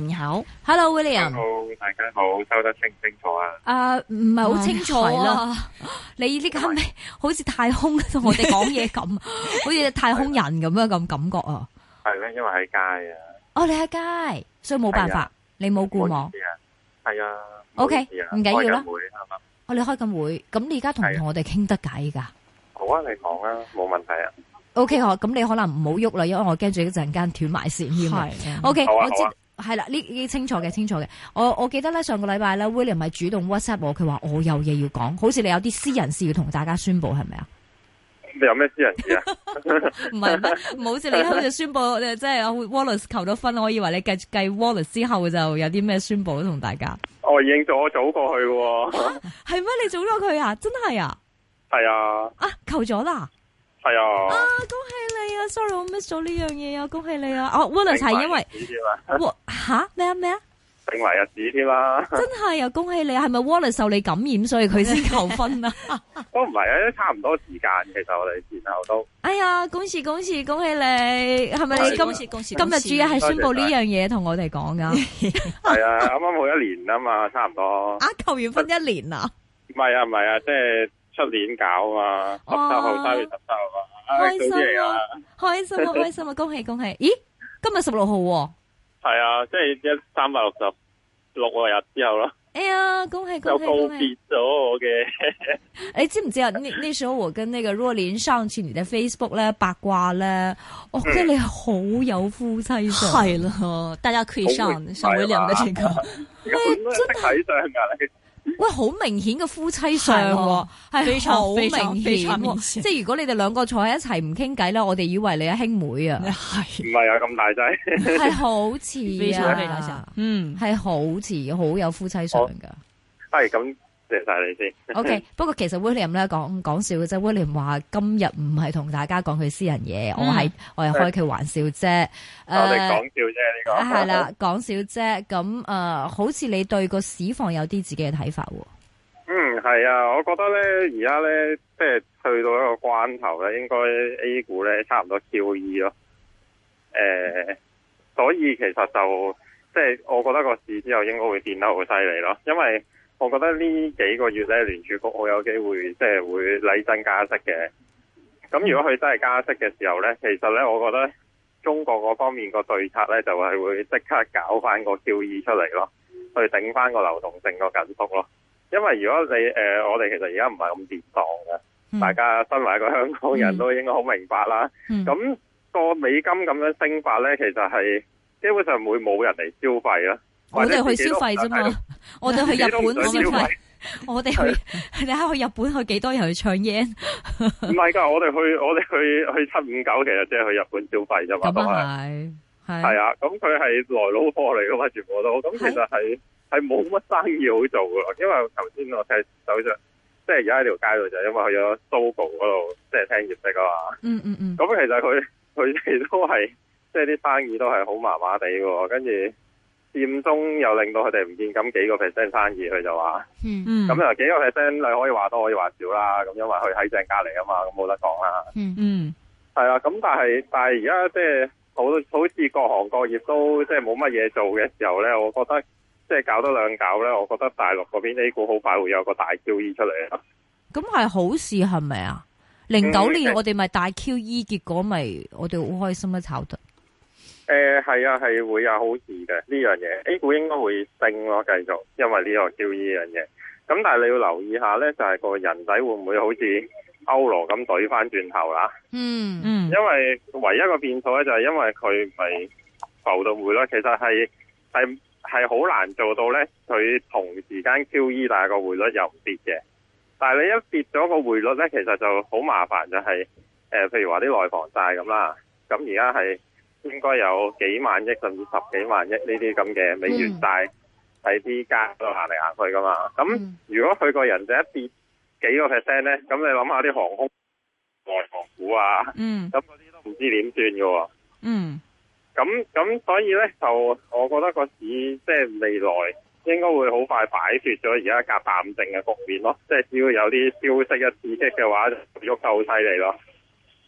你好，Hello，William。好，大家好，收得清唔清楚啊？啊，唔係好清楚啊。你呢個咪好似太空同我哋講嘢咁，好似太空人咁樣咁感覺啊。係咧，因為喺街啊。哦，你喺街，所以冇辦法，你冇顧網。係啊。O K，唔緊要啦。開會係嘛？我哋開緊會，咁你而家同唔同我哋傾得偈噶？好啊，你講啊，冇問題啊。O K，嗬，咁你可能唔好喐啦，因為我驚住一陣間斷埋線。係。O K，我知。係啦，呢啲清楚嘅，清楚嘅。我我記得咧，上個禮拜咧，William 咪主動 WhatsApp 我，佢話我有嘢要講，好似你有啲私人事要同大家宣布，係咪啊？你有咩私人事啊？唔 係，唔好似，你今就宣布，即、就、係、係、Wallace 求咗婚，我以為你繼計 Wallace 之後就有啲咩宣布同大家。我已經早早過去，係、啊、咩？你早咗佢啊？真係啊？係啊。啊，求咗啦。係啊！啊，恭喜你啊！sorry，我 miss 咗呢樣嘢啊！恭喜你啊！哦、oh，Wallace 係因為吓咩啊咩啊？定咗日子添啦！真係啊！恭喜你、啊，係咪 Wallace 受你感染所以佢先求婚啊？都唔係啊，差唔多時間，其實我哋前後都哎呀！恭喜恭喜恭喜你！係咪你今次今次今日主要係宣布呢樣嘢同我哋講噶？係啊，啱啱冇一年啊嘛，差唔多 啊！求完婚一年唔係唔係啊？唔係啊，唔係啊，即係。七年搞啊，十號三月十三號，開、啊、心啊，開心啊，啊開，心啊 開心啊，恭喜恭喜！咦，今日十六號，係啊，即係一三百六十六個日之後咯。哎呀，恭喜恭喜恭喜！又告別咗我嘅，你知唔知啊？呢 呢時候我跟那個若蓮上次你嘅 Facebook 咧八卦咧， 我覺得你好有夫妻相。係、嗯、啦，大家可以上上微聊的這個、 哎，根本都識睇相噶你。喂，好明顯嘅夫妻相，啊，係好明顯，啊啊。即係如果你哋兩個坐喺一齊唔傾偈咧，我哋以為你係兄妹啊。係唔係啊？咁大仔？係好似啊非常大，嗯，係好似好有夫妻相噶。係、哦、咁。哎謝晒你先。OK，不過其實 William 咧講講笑嘅啫。William 話今日唔係同大家講佢私人嘢，我係我係開佢玩笑啫。我哋講笑啫，你講係啦，講笑啫。咁誒，好似你對個市況有啲自己嘅睇法喎。嗯，係啊,啊,啊,啊,啊、嗯，我覺得咧而家咧，即係去到一個關頭咧，應該 A 股咧差唔多 QE 咯。誒、呃嗯，所以其實就即係、就是、我覺得個市之後應該會變得好犀利咯，因為。我覺得呢幾個月呢，聯儲局好有機會即係、就是、會嚟緊加息嘅。咁如果佢真係加息嘅時候呢，其實呢，我覺得中國嗰方面個對策呢，就係、是、會即刻搞翻個 QE 出嚟咯，去頂翻個流動性個緊縮咯。因為如果你誒、呃，我哋其實而家唔係咁掂檔嘅、嗯，大家身為一個香港人都應該好明白啦。咁、嗯，那個美金咁樣升法呢，其實係基本上會冇人嚟消費啦。我哋去消費啫嘛，我哋去，去，去，去日本消費，我哋去你睇去日本去幾多人去搶嘢？唔係噶，我哋去我哋去去七五九，其實即係去日本消費啫嘛。都啊係係啊，咁佢係來佬貨嚟噶嘛，全部都咁其實係係冇乜生意好做噶，因為頭先我睇，首先即係而家喺條街度就因為去咗 Sogo 嗰度，即係聽業績啊嘛。嗯嗯嗯。咁其實佢佢哋都係即係啲生意都係好麻麻地，跟住。佔中又令到佢哋唔見咁幾個 percent 生意，佢就話，咁，嗯，啊幾個 percent 你可以話多可以話少啦。咁因為佢喺正隔籬啊嘛，咁冇得講啦。嗯嗯，係啊。咁但係但係而家即係好好似各行各業都即係冇乜嘢做嘅時候咧，我覺得即係搞多兩搞咧，我覺得大陸嗰邊 A 股好快會有個大 QE 出嚟。咁係好事，係咪啊？零九年我哋咪大 QE，嗯，結果咪我哋好開心一炒得。誒、呃，係啊，係會有好事嘅呢樣嘢，A 股應該會升咯，繼續，因為呢個 QE 樣嘢。咁但係你要留意下呢，就係、是、個人仔會唔會好似歐羅咁懟翻轉頭啦？嗯嗯，因為唯一個變數呢，就係因為佢唔係浮到匯率，其實係係係好難做到呢。佢同時間 QE 但係個匯率又唔跌嘅。但係你一跌咗個匯率呢，其實就好麻煩，就係、呃、譬如話啲內房債咁啦，咁而家係。應該有幾萬億甚至十幾萬億呢啲咁嘅美元債喺啲街度行嚟行去噶嘛？咁、mm. 如果佢個人就一跌幾個 percent 咧，咁你諗下啲航空、外航股啊，咁嗰啲都唔知點算噶。嗯、mm.，咁咁所以咧，就我覺得個市即係、就是、未來應該會好快擺脫咗而家夾淡靜嘅局面咯。即、就、係、是、只要有啲消息一刺激嘅話，就喐得好犀利咯。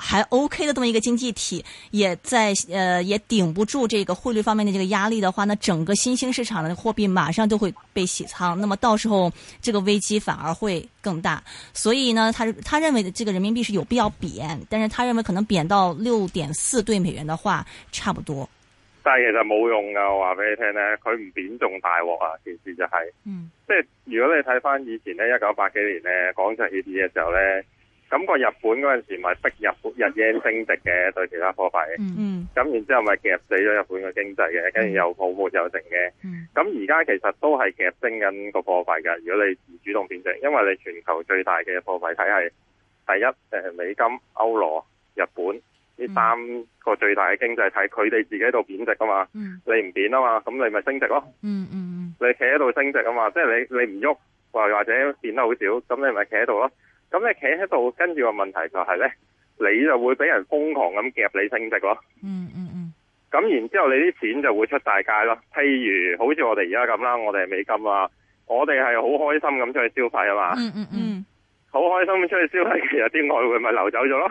還 OK 的這麼一個經濟體，也在呃也頂不住這個匯率方面的這個壓力的話，那整個新興市場的貨幣馬上都會被洗倉，那麼到時候這個危機反而會更大。所以呢，他他認為的這個人民幣是有必要貶，但是他認為可能貶到六點四對美元的話差不多。但係其實冇用㗎，我話俾你聽呢，佢唔貶仲大鑊啊，其實就係、是，嗯，即係如果你睇翻以前呢一九八幾年呢廣場協議嘅時候咧。咁、那個日本嗰陣時，咪逼日本日元升值嘅對其他貨幣、嗯、咁、嗯、然之後咪夾死咗日本嘅經濟嘅，跟、嗯、住又泡沫又成嘅。咁而家其實都係夾升緊個貨幣嘅。如果你唔主動貶值，因為你全球最大嘅貨幣體系，第一誒美金、歐羅、日本呢、嗯、三個最大嘅經濟體，佢哋自己喺度貶值噶嘛，你唔貶啊嘛，咁你咪升值咯。嗯嗯，你企喺度升值啊嘛，即係你你唔喐或或者變得好少，咁你咪企喺度咯。咁你企喺度，跟住個問題就係呢，你就會俾人瘋狂咁夾你升值咯。嗯嗯嗯。咁、嗯、然之後，你啲錢就會出大街咯。譬如好似我哋而家咁啦，我哋係美金啊，我哋係好開心咁出去消費啊嘛。嗯嗯嗯。好、嗯、開心咁出去消費，其實啲外匯咪流走咗咯。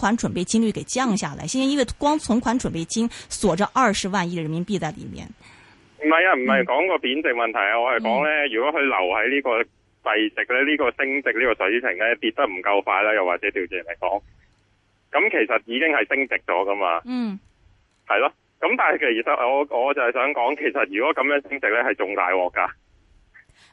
款準備金率給降下來，先因為光存款準備金鎖着二十萬億人民幣在裏面。唔係啊，唔係講個貶值問題啊，嗯、我係講咧，如果佢留喺呢個幣值咧，呢、呢個升值呢個水平咧跌得唔夠快啦。又或者調節嚟講，咁其實已經係升值咗噶嘛。嗯，係咯。咁但係其實我我就係想講，其實如果咁樣升值咧，係仲大鑊噶。誒、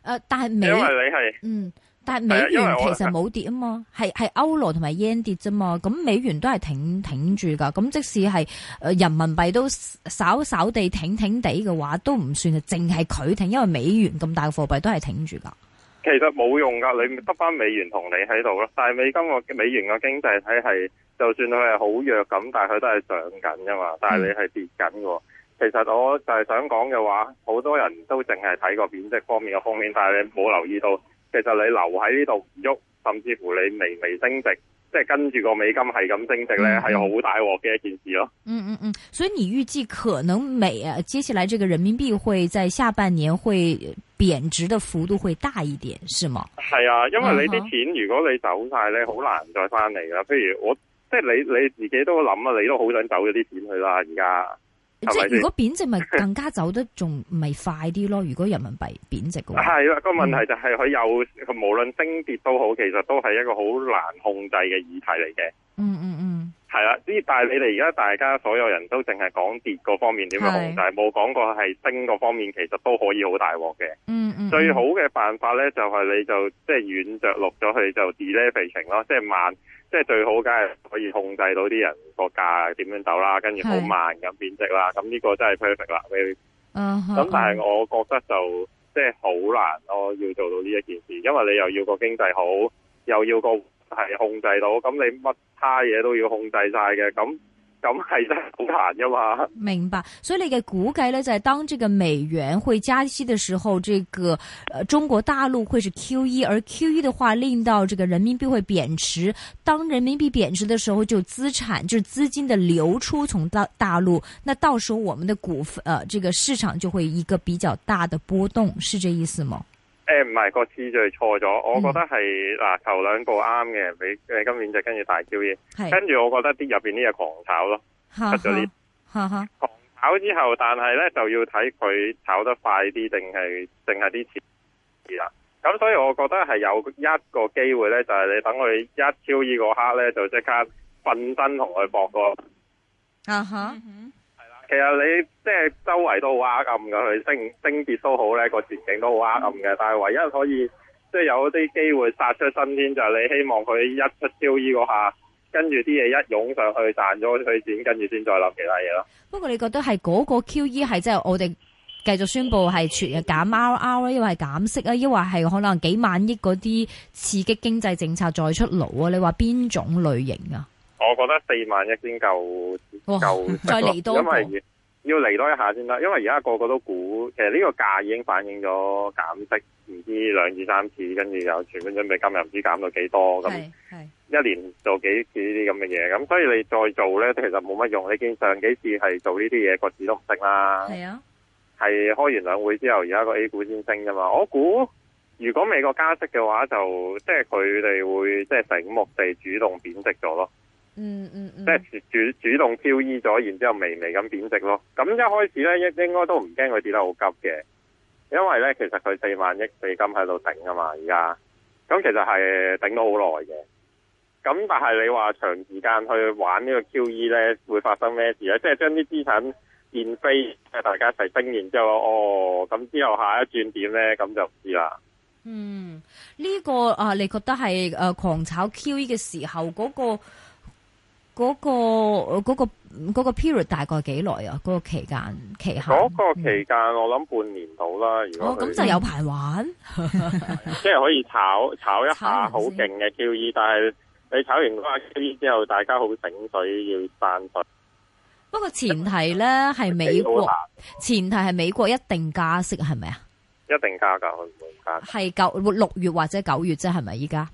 呃，但係你因為你係嗯。但美元其實冇跌啊嘛，係係歐羅同埋 yen 跌啫嘛，咁美元都係挺挺住噶。咁即使係誒人民幣都稍稍地挺挺地嘅話，都唔算係淨係佢挺，因為美元咁大嘅貨幣都係挺住噶。其實冇用噶，你得翻美元同你喺度咯。但係美金個美元個經濟體系，就算佢係好弱咁，但係佢都係漲緊噶嘛。但係你係跌緊嘅。其實我就係想講嘅話，好多人都淨係睇個貶值方面嘅方面，但係你冇留意到。其實你留喺呢度唔喐，甚至乎你微微升值，即係跟住個美金係咁升值咧，係好大鑊嘅一件事咯。嗯嗯嗯，所以你預計可能美啊，接下來這個人民幣會在下半年會貶值的幅度會大一點，是嗎？係啊，因為你啲錢如果你走晒咧，好難再翻嚟啦。譬如我，即係你你自己都諗啊，你都好想走咗啲錢去啦，而家。即係如果貶值咪更加走得仲咪快啲咯？如果人民幣貶值嘅話，係啦，個問題就係佢有無論升跌都好，其實都係一個好難控制嘅議題嚟嘅。嗯嗯嗯，嗯。嗯係啦、啊，呢但係你哋而家大家所有人都淨係講跌嗰方面點樣控制，冇講過係升嗰方面，其實都可以好大鑊嘅。嗯嗯，最好嘅辦法咧就係、是、你就即係軟着陸咗去就 delay 肥情咯，即、就、係、是、慢，即、就、係、是、最好梗係可以控制到啲人個價點樣走啦，跟住好慢咁貶值啦，咁呢個真係 perfect 啦。咁、uh, 但係我覺得就即係好難咯，要做到呢一件事，因為你又要個經濟好，又要個。係控制到，咁你乜叉嘢都要控制晒嘅，咁咁係真係好難噶嘛？明白，所以你嘅估計呢，在當這個美元會加息的時候，這個呃中國大陸會是 QE，而 QE 的話令到這個人民幣會貶值。當人民幣貶值的時候，就資產就資金的流出從大大陸，那到時候我們的股份呃這個市場就會一個比較大的波動，是這意思嗎？誒、欸，唔係個次序錯咗，我覺得係嗱頭兩個啱嘅，你誒今年就跟住大超嘢，跟住我覺得啲入邊啲嘢狂炒咯，吓，出咗啲狂炒之後，但係咧就要睇佢炒得快啲定係定係啲次啦。咁所以我覺得係有一個機會咧，就係、是、你等佢一超呢個刻咧，就即刻瞓身同佢搏個，啊呵呵其實你即係周圍都暗好暗嘅，佢升升跌都好咧，個前景都好暗嘅。但係唯一可以即係有啲機會殺出新天，就係、是、你希望佢一出 QE 嗰下，跟住啲嘢一湧上去賺咗佢錢，跟住先再諗其他嘢咯。不過你覺得係嗰個 QE 係即係我哋繼續宣布係全日減 RR，抑或係減息啊，一係係可能幾萬億嗰啲刺激經濟政策再出爐啊？你話邊種類型啊？我覺得四萬億先夠。就、哦、因為要嚟，多一下先啦，因為而家個個都估，其實呢個價已經反映咗減息唔知兩至三次，跟住又全面準備今日唔知減到幾多咁，一年做幾次呢啲咁嘅嘢，咁所以你再做呢，其實冇乜用。你見上幾次係做呢啲嘢，個市都唔升啦。係啊，係開完兩會之後，而家個 A 股先升噶嘛。我估如果美國加息嘅話，就即係佢哋會即係醒目地主動貶值咗咯。嗯嗯嗯，即係主主動 QE 咗，然之後微微咁貶值咯。咁一開始咧，應應該都唔驚佢跌得好急嘅，因為咧其實佢四萬億美金喺度頂噶嘛。而家咁其實係頂咗好耐嘅。咁但係你話長時間去玩呢個 QE 咧，會發生咩事啊？即係將啲資產變飛，即大家一齊升完之後，哦咁之後下一轉點咧，咁就唔知啦。嗯，呢個啊，你覺得係誒狂炒 QE 嘅時候嗰個？嗰、那個嗰嗰 period 大概幾耐啊？嗰、那個那個期間期限嗰個期間，期、那個期間嗯、我諗半年到啦。如果咁、哦、就有排玩，即 係可以炒炒一下好勁嘅 QE，但係你炒完嗰下 QE 之後，大家好醒水要散去。不過前提咧係美國，前提係美國一定加息係咪啊？一定加息會唔會加息？係九六月或者九月啫，係咪依家？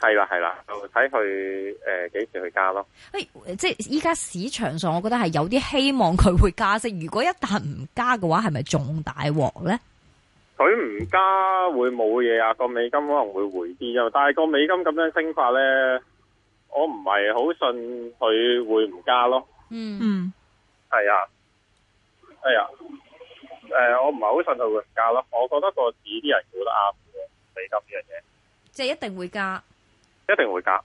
係啦係啦，睇佢誒幾時去加咯。誒，即係依家市場上，我覺得係有啲希望佢會加息。如果一旦唔加嘅話，係咪仲大鑊咧？佢唔加會冇嘢啊！個美金可能會回啲。咯，但係個美金咁樣升法咧，我唔係好信佢會唔加咯。嗯，係啊，係、哎、啊，誒、呃，我唔係好信佢會唔加咯。我覺得個市啲人估得啱嘅美金呢樣嘢，即係一定會加。一定會加，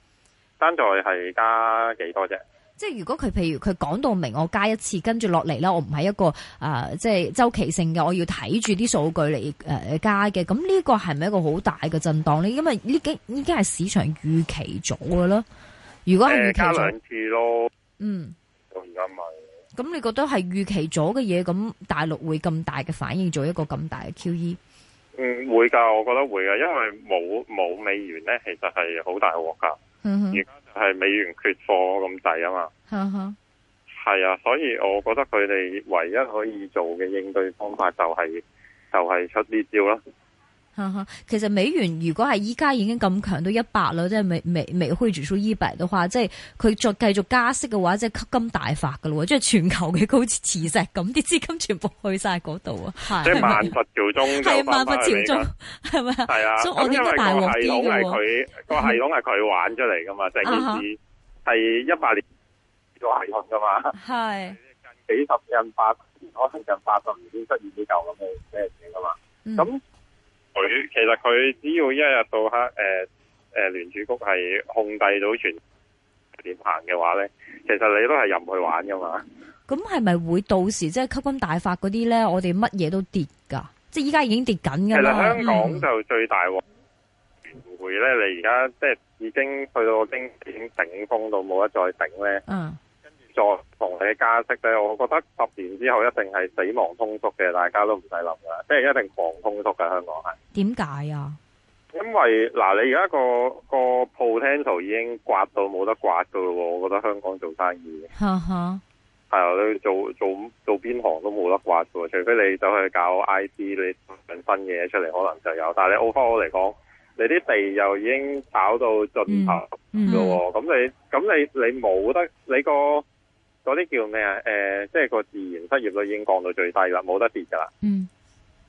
單在係加幾多啫？即係如果佢，譬如佢講到明，我加一次，跟住落嚟咧，我唔係一個誒，即、呃、係、就是、周期性嘅，我要睇住啲數據嚟誒、呃、加嘅。咁呢個係咪一個好大嘅震盪咧？因為呢已經已經係市場預期咗嘅啦。如果係、呃、加兩次咯，嗯，咁而家咪咁你覺得係預期咗嘅嘢？咁大陸會咁大嘅反應，做一個咁大嘅 QE？嗯，會噶，我覺得會噶，因為冇冇美元咧，其實係好大鑊噶，而家就係美元缺貨咁滯啊嘛，係、嗯、啊，所以我覺得佢哋唯一可以做嘅應對方法就係、是、就係、是、出啲招啦。嗯、其實美元如果係依家已經咁強到一百啦，即係未、未、未去住數一百嘅話，即係佢再繼續加息嘅話，即係吸金大法噶咯，即係全球嘅好似磁石，咁啲資金全部去晒嗰度啊！即係萬佛朝宗，係萬佛朝宗，係咪？係啊，咁因為個系統係佢個系統係佢、嗯、玩出嚟噶嘛，即係件事係一百年個系統噶嘛，係、嗯、近幾十年，我聽近八十二十、已經出現呢咁嘅嘢噶嘛，咁。佢其實佢只要一日到黑誒誒聯儲局係控制到全點行嘅話咧，其實你都係入去玩噶嘛。咁係咪會到時即係吸金大發嗰啲咧？我哋乜嘢都跌㗎，即係依家已經跌緊㗎啦。其實香港就最大喎，聯匯咧，你而家即係已經去到經已經頂峰到冇得再頂咧。嗯。嗯嗯。做同你嘅加息咧，我覺得十年之後一定係死亡通縮嘅，大家都唔使諗啦，即係一定狂通縮嘅香港係。點解啊？因為嗱，你而家個個 potential 已經刮到冇得刮噶咯喎，我覺得香港做生意，嚇嚇，係啊，你做做做邊行都冇得刮噶，除非你走去搞 IT，你揾新嘢出嚟可能就有，但係你澳科嚟講，你啲地又已經炒到盡頭噶喎，咁、嗯嗯嗯、你咁你你冇得你個。嗰啲叫咩啊、呃？即係個自然失業率已經降到最低啦，冇得跌噶啦。嗯。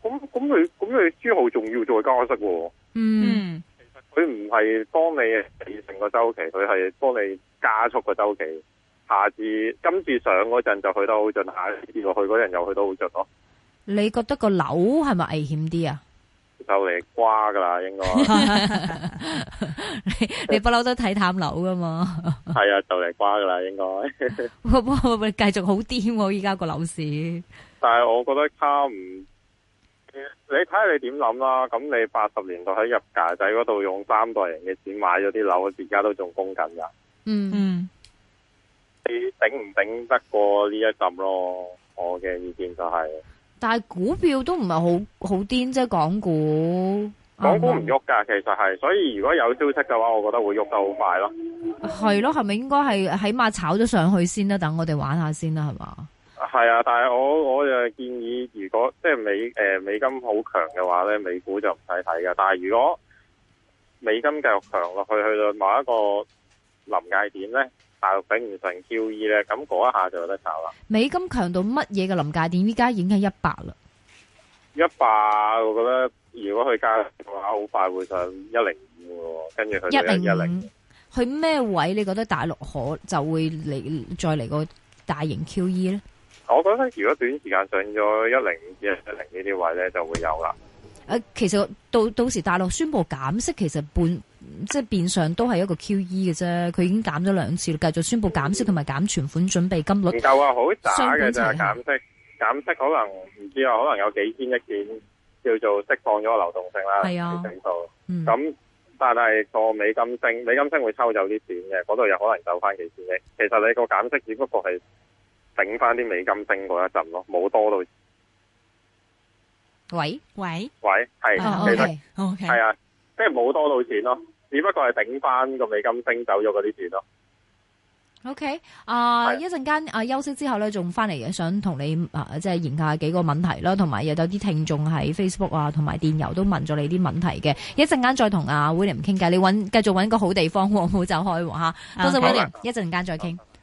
咁咁佢咁佢之後仲要再加息喎、哦。嗯。其實佢唔係幫你起成個周期，佢係幫你加速個周期。下次今次上嗰陣就去得好盡，下次落去嗰陣又去得好盡咯。你覺得個樓係咪危險啲啊？就嚟瓜噶啦，應該 你不嬲 都睇淡樓噶嘛？係 啊，就嚟瓜噶啦，應該。哇，繼續好癲！依家個樓市。但係我覺得差唔，你睇下你點諗啦。咁你八十年代喺入界仔嗰度用三代人嘅錢買咗啲樓，而家都仲供緊噶。嗯嗯。你頂唔頂得過呢一陣咯？我嘅意見就係、是。但係股票都唔係好好癲啫，港股、港股唔喐噶，其實係，所以如果有消息嘅話，我覺得會喐得好快咯。係咯，係咪應該係起碼炒咗上去先啦？等我哋玩下先啦，係嘛？係啊，但係我我就建議，如果即係美誒、呃、美金好強嘅話咧，美股就唔使睇噶。但係如果美金繼續強落去，去到某一個臨界點咧。大陸頂唔順 QE 咧，咁嗰一下就有得炒啦。美金強到乜嘢嘅臨界點？依家已經係一百啦。一百，我覺得如果佢加嘅話，好快會上一零五嘅，跟住去一零一零。去咩位你覺得大陸可就會嚟再嚟個大型 QE 咧？我覺得如果短時間上咗一零五至一一零呢啲位咧，就會有啦。誒、啊，其實到到時大陸宣布減息，其實半即係變相都係一個 QE 嘅啫。佢已經減咗兩次，繼續宣布減息同埋減存款準備金率。夠啊，好大嘅就係減息，減息可能唔知啊，可能有幾千一件叫做釋放咗個流動性啦，整數、啊。咁、嗯、但係個美金升，美金升會抽走啲錢嘅，嗰度又可能走翻幾千億。其實你個減息只不過係頂翻啲美金升嗰一陣咯，冇多到。喂喂喂，係 O K O K 係啊，即係冇多到錢咯，只不過係頂翻個美金升走咗嗰啲錢咯。O K 啊，一陣間啊休息之後咧，仲翻嚟嘅，想同你啊即係研究下幾個問題啦，同埋有啲聽眾喺 Facebook 啊，同埋電郵都問咗你啲問題嘅。一陣間再同阿 William 傾偈，你揾繼續揾個好地方好走開吓、啊啊。多謝 William，一陣間再傾。啊